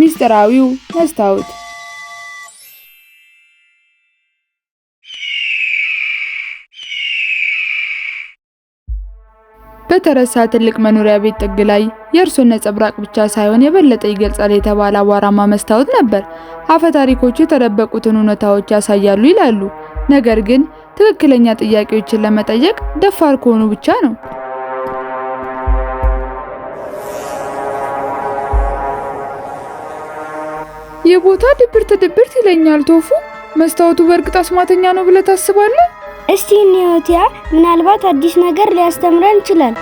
ምስጢራዊው መስታወት በተረሳ ትልቅ መኖሪያ ቤት ጥግ ላይ የእርሱን ነጸብራቅ ብቻ ሳይሆን የበለጠ ይገልጻል የተባለ አቧራማ መስታወት ነበር። አፈ ታሪኮቹ የተደበቁትን እውነታዎች ያሳያሉ ይላሉ። ነገር ግን ትክክለኛ ጥያቄዎችን ለመጠየቅ ደፋር ከሆኑ ብቻ ነው። የቦታ ድብርት ድብርት ይለኛል። ቶፉ መስታወቱ በእርግጥ አስማተኛ ነው ብለህ ታስባለህ? እስቲ እንየውትያ ምናልባት አዲስ ነገር ሊያስተምረን ይችላል።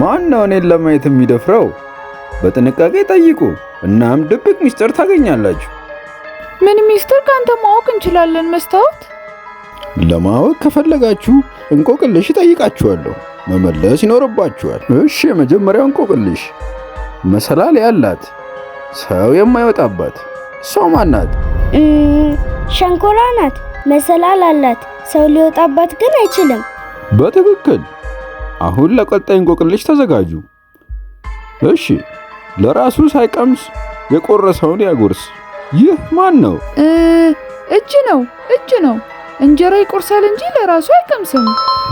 ማን ነው እኔን ለማየት የሚደፍረው? በጥንቃቄ ጠይቁ፣ እናም ድብቅ ሚስጥር ታገኛላችሁ። ምን ምስጢር? ከአንተ ማወቅ እንችላለን መስታወት። ለማወቅ ከፈለጋችሁ እንቆቅልሽ እጠይቃችኋለሁ፣ መመለስ ይኖርባችኋል። እሺ፣ የመጀመሪያው እንቆቅልሽ መሰላል ያላት ሰው የማይወጣባት ሰው ማናት? ሸንኮላ ሸንኮራ ናት። መሰላል አላት፣ ሰው ሊወጣባት ግን አይችልም። በትክክል። አሁን ለቀጣይ እንቆቅልሽ ተዘጋጁ። እሺ፣ ለራሱ ሳይቀምስ የቆረሰውን ያጎርስ ይህ ማን ነው? እጅ ነው። እጅ ነው። እንጀራ ይቆርሳል እንጂ ለራሱ አይቀምስም።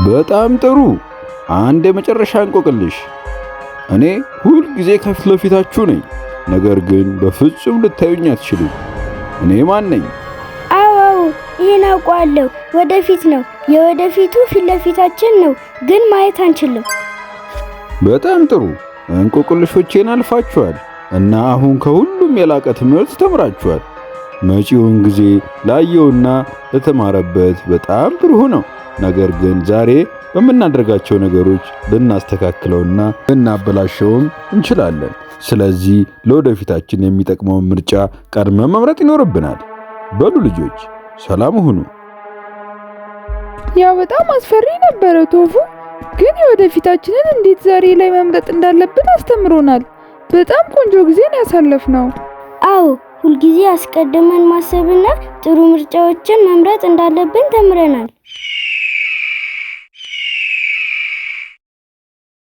በጣም ጥሩ። አንድ የመጨረሻ እንቆቅልሽ። እኔ ሁል ጊዜ ከፊት ለፊታችሁ ነኝ፣ ነገር ግን በፍጹም ልታዩኝ አትችሉም። እኔ ማን ነኝ? አዎ ይህን አውቀዋለሁ። ወደፊት ነው። የወደፊቱ ፊት ለፊታችን ነው፣ ግን ማየት አንችልም። በጣም ጥሩ። እንቆቅልሾቼን አልፋችኋል እና አሁን ከሁሉም የላቀ ትምህርት ተምራችኋል። መጪውን ጊዜ ላየውና ለተማረበት በጣም ብሩህ ነው። ነገር ግን ዛሬ በምናደርጋቸው ነገሮች ልናስተካክለውና ልናበላሸውም እንችላለን። ስለዚህ ለወደፊታችን የሚጠቅመውን ምርጫ ቀድመ መምረጥ ይኖርብናል። በሉ ልጆች ሰላም ሁኑ። ያ በጣም አስፈሪ ነበረ ቶፉ፣ ግን የወደፊታችንን እንዴት ዛሬ ላይ መምረጥ እንዳለብን አስተምሮናል። በጣም ቆንጆ ጊዜን ያሳለፍ ነው። አዎ ሁልጊዜ አስቀድመን ማሰብና ጥሩ ምርጫዎችን መምረጥ እንዳለብን ተምረናል።